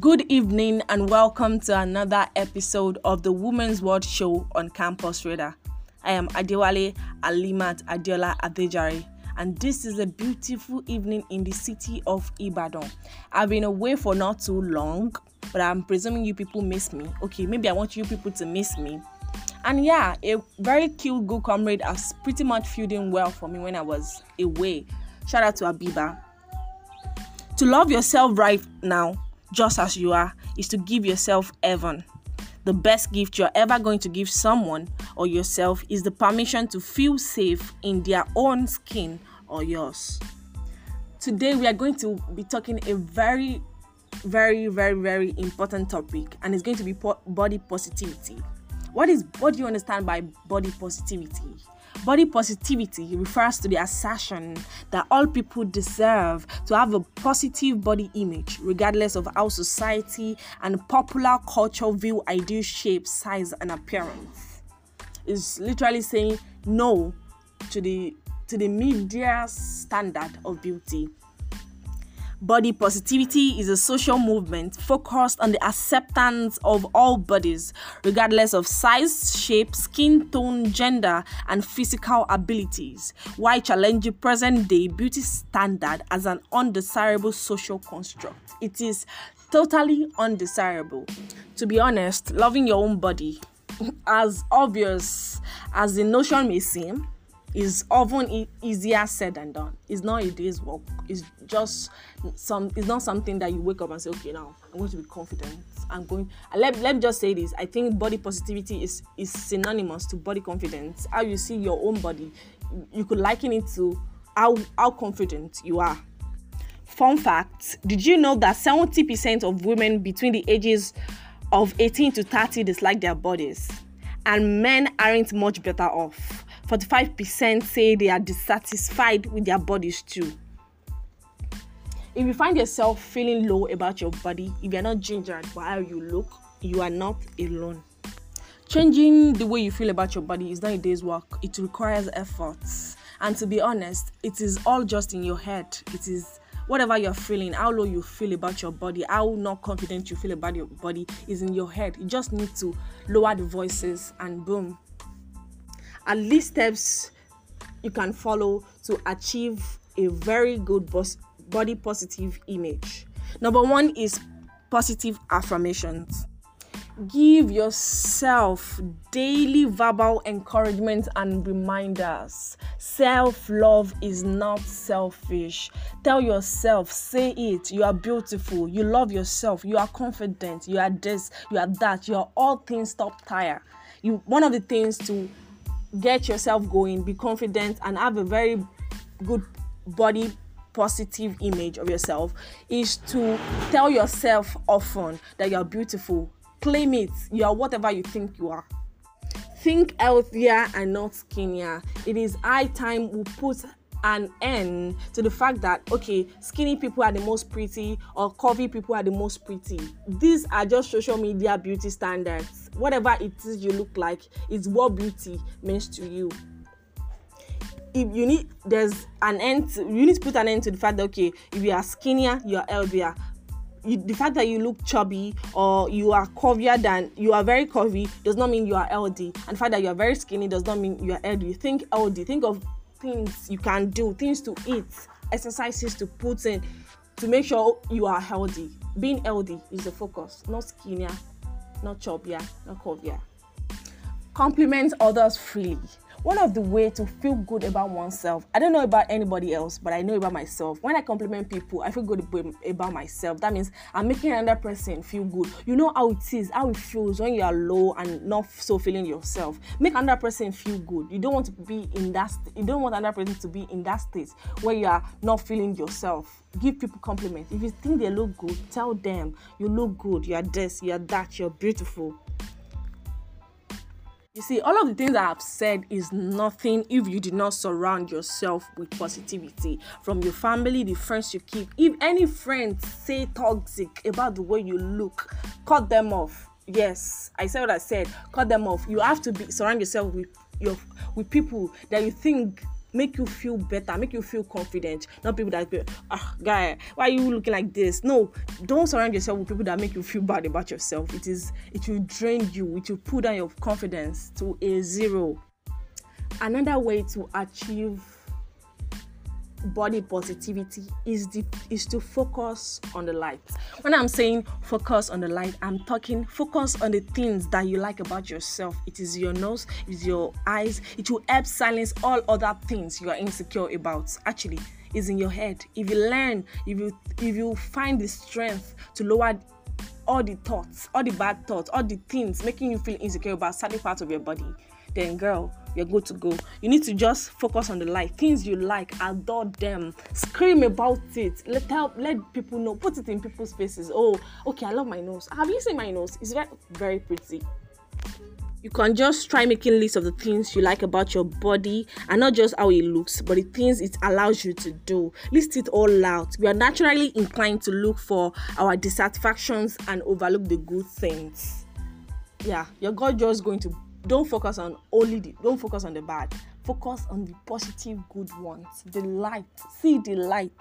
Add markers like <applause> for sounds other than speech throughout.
Good evening and welcome to another episode of the Women's World Show on Campus Radar. I am Adewale Alimat Adiola Adejari and this is a beautiful evening in the city of Ibadan. I've been away for not too long, but I'm presuming you people miss me. Okay, maybe I want you people to miss me. And yeah, a very cute good comrade has pretty much feeling well for me when I was away. Shout out to Abiba. To love yourself right now just as you are is to give yourself heaven. The best gift you're ever going to give someone or yourself is the permission to feel safe in their own skin or yours. Today, we are going to be talking a very, very, very, very important topic, and it's going to be po- body positivity. What is what do you understand by body positivity? Body positivity refers to the assertion that all people deserve to have a positive body image, regardless of how society and popular culture view ideal shape, size, and appearance. It's literally saying no to the to the media standard of beauty Body positivity is a social movement focused on the acceptance of all bodies, regardless of size, shape, skin tone, gender, and physical abilities, while challenging present day beauty standard as an undesirable social construct. It is totally undesirable. To be honest, loving your own body, <laughs> as obvious as the notion may seem, is often e- easier said than done. It's not a day's work. It's just some. It's not something that you wake up and say, okay, now I'm going to be confident. I'm going. Let Let me just say this. I think body positivity is is synonymous to body confidence. How you see your own body, you could liken it to how how confident you are. Fun fact: Did you know that 70% of women between the ages of 18 to 30 dislike their bodies, and men aren't much better off 45% say they are dissatisfied with their bodies too. If you find yourself feeling low about your body, if you're not gingered by how you look, you are not alone. Changing the way you feel about your body is not a day's work, it requires efforts. And to be honest, it is all just in your head. It is whatever you're feeling, how low you feel about your body, how not confident you feel about your body is in your head. You just need to lower the voices and boom, at least steps you can follow to achieve a very good body positive image. Number one is positive affirmations. Give yourself daily verbal encouragement and reminders. Self love is not selfish. Tell yourself, say it, you are beautiful, you love yourself, you are confident, you are this, you are that, you are all things, stop tire. You, one of the things to get yourself going, be confident, and have a very good body positive image of yourself is to tell yourself often that you're beautiful. Claim it. You are whatever you think you are. Think healthier and not skinnier. It is high time we put an end to the fact that okay, skinny people are the most pretty or curvy people are the most pretty. These are just social media beauty standards whatever it is you look like is what beauty means to you if you need there's an end to, you need to put an end to the fact that okay if you are skinnier you are healthier you, the fact that you look chubby or you are curvier than you are very curvy does not mean you are healthy and the fact that you are very skinny does not mean you are healthy think healthy think of things you can do things to eat exercises to put in to make sure you are healthy being healthy is the focus not skinnier not chop not covia. Compliment others freely one of the way to feel good about oneself i don't know about anybody else but i know about myself when i compliment people i feel good about myself that means i'm making another person feel good you know how it is how it feels when you are low and not so feeling yourself make another person feel good you don't want to be in that st- you don't want another person to be in that state where you are not feeling yourself give people compliments if you think they look good tell them you look good you are this you are that you're beautiful you see, all of the things I have said is nothing if you do not surround yourself with positivity from your family, the friends you keep. If any friends say toxic about the way you look, cut them off. Yes, I said what I said. Cut them off. You have to be surround yourself with your with people that you think make you feel better, make you feel confident. Not people that be, ah, guy, why are you looking like this? No, don't surround yourself with people that make you feel bad about yourself. It is, it will drain you. It will pull down your confidence to a zero. Another way to achieve body positivity is the is to focus on the light. When I'm saying focus on the light, I'm talking focus on the things that you like about yourself. It is your nose, it is your eyes. It will help silence all other things you are insecure about. Actually, is in your head. If you learn, if you if you find the strength to lower all the thoughts, all the bad thoughts, all the things making you feel insecure about certain parts of your body, then girl, you're good to go. You need to just focus on the light, things you like, adore them, scream about it, let help, let people know, put it in people's faces. Oh, okay, I love my nose. Have you seen my nose? It's very, very pretty. You can just try making lists of the things you like about your body and not just how it looks, but the things it allows you to do. List it all out. We are naturally inclined to look for our dissatisfactions and overlook the good things. Yeah, your God just going to don't focus on only the don't focus on the bad focus on the positive good ones the light see the light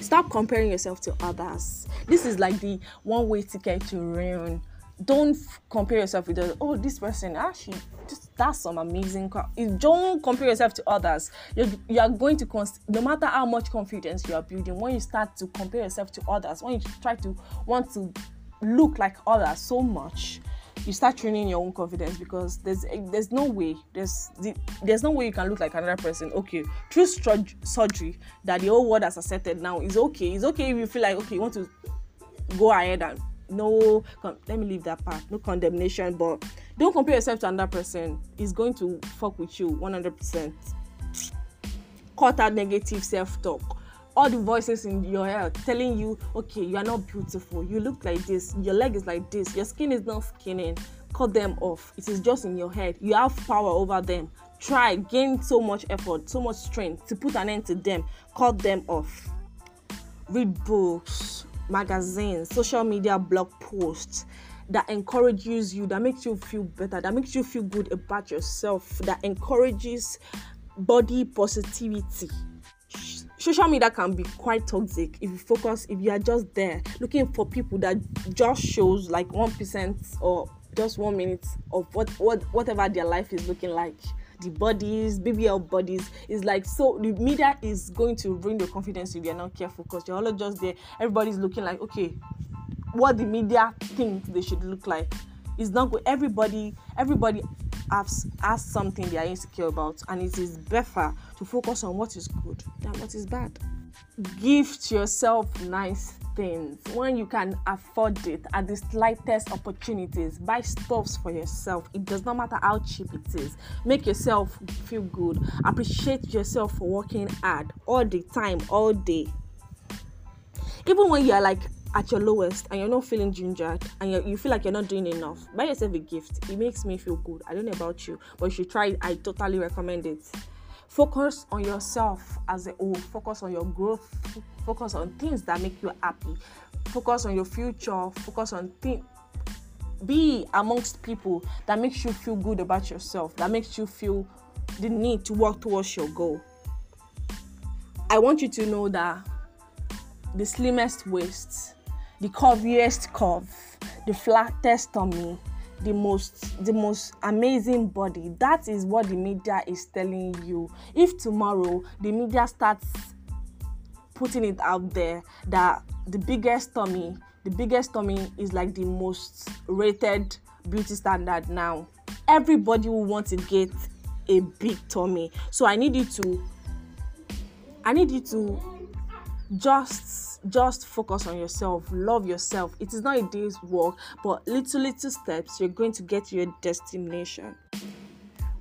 stop comparing yourself to others this is like the one way ticket to ruin don't compare yourself with others. oh this person actually ah, just, that's some amazing car you don't compare yourself to others you're, you are going to no matter how much confidence you are building when you start to compare yourself to others when you try to want to look like others so much you start training your own confidence because there's eh, there's no way there's there's no way you can look like another person. Okay, through surgery that the whole world has accepted now is okay. It's okay if you feel like okay, you want to go ahead and no let me leave that part no condemnation but don't compare yourself to another person it's going to fuck with you 100% cut out negative self-talk all the voices in your head telling you, okay, you are not beautiful, you look like this, your leg is like this, your skin is not skinning, cut them off. It is just in your head. You have power over them. Try, gain so much effort, so much strength to put an end to them, cut them off. Read books, magazines, social media blog posts that encourages you, that makes you feel better, that makes you feel good about yourself, that encourages body positivity social media can be quite toxic if you focus if you are just there looking for people that just shows like one percent or just one minute of what, what whatever their life is looking like the bodies bbl bodies is like so the media is going to ruin your confidence if you're not careful because you're all just there everybody's looking like okay what the media thinks they should look like is not good everybody everybody has, has something they are insecure about, and it is better to focus on what is good than what is bad. Gift yourself nice things when you can afford it at the slightest opportunities. Buy stuffs for yourself. It does not matter how cheap it is. Make yourself feel good. Appreciate yourself for working hard all the time, all day even when you are like at your lowest and you're not feeling gingered and you feel like you're not doing enough, buy yourself a gift. It makes me feel good. I don't know about you, but you should try it. I totally recommend it. Focus on yourself as a whole, focus on your growth, focus on things that make you happy, focus on your future, focus on things. Be amongst people that makes you feel good about yourself, that makes you feel the need to work towards your goal. I want you to know that the slimmest waist the curviest curve, the flattest tummy, the most the most amazing body. That is what the media is telling you. If tomorrow the media starts putting it out there that the biggest tummy, the biggest tummy is like the most rated beauty standard now. Everybody will want to get a big tummy. So I need you to I need you to just just focus on yourself love yourself it is not a day's work but little little steps you're going to get to your destination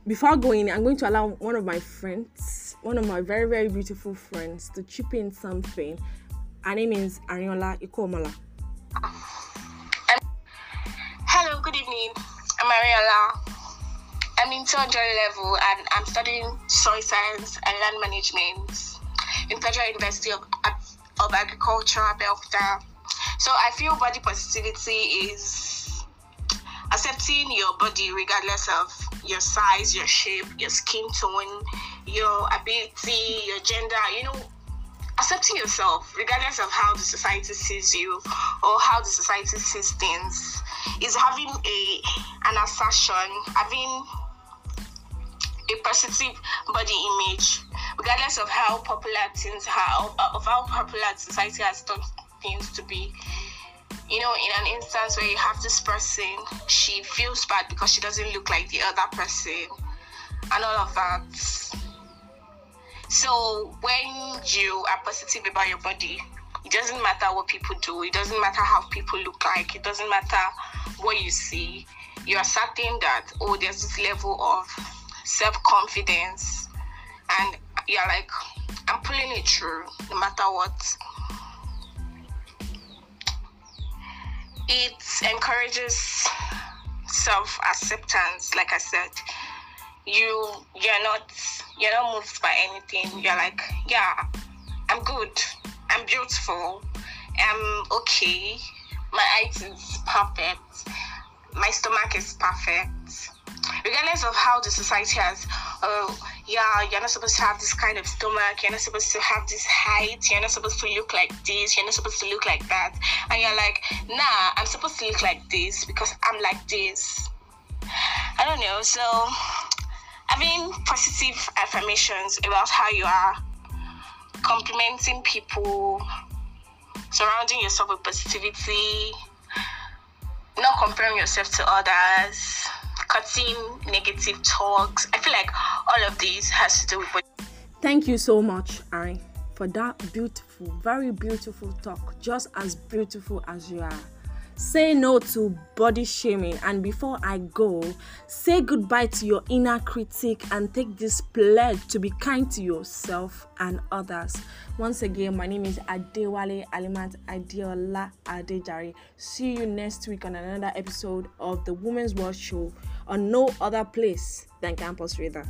before going i'm going to allow one of my friends one of my very very beautiful friends to chip in something her name is ariola ikomala hello good evening i'm ariola i'm in third level and i'm studying soil science and land management in Federal University of of agricultural welfare. So I feel body positivity is accepting your body regardless of your size, your shape, your skin tone, your ability, your gender, you know, accepting yourself regardless of how the society sees you or how the society sees things is having a an assertion, having a positive body image regardless of how popular things are, of how popular society has taught things to be. You know, in an instance where you have this person, she feels bad because she doesn't look like the other person, and all of that. So when you are positive about your body, it doesn't matter what people do. It doesn't matter how people look like. It doesn't matter what you see. You are certain that oh, there's this level of self confidence you're like, I'm pulling it through no matter what. It encourages self acceptance, like I said. You you're not you're not moved by anything. You're like, yeah, I'm good, I'm beautiful, I'm okay, my eyes is perfect, my stomach is perfect. Regardless of how the society has uh, yeah, you're not supposed to have this kind of stomach, you're not supposed to have this height, you're not supposed to look like this, you're not supposed to look like that. And you're like, nah, I'm supposed to look like this because I'm like this. I don't know. So, having positive affirmations about how you are, complimenting people, surrounding yourself with positivity, not comparing yourself to others cutting negative talks. I feel like all of this has to do with. Thank you so much, Ari, for that beautiful, very beautiful talk. Just as beautiful as you are. Say no to body shaming. And before I go, say goodbye to your inner critic and take this pledge to be kind to yourself and others. Once again, my name is Adewale Alimat Adeola Adejari. See you next week on another episode of the Women's World Show on no other place than Campus Radar.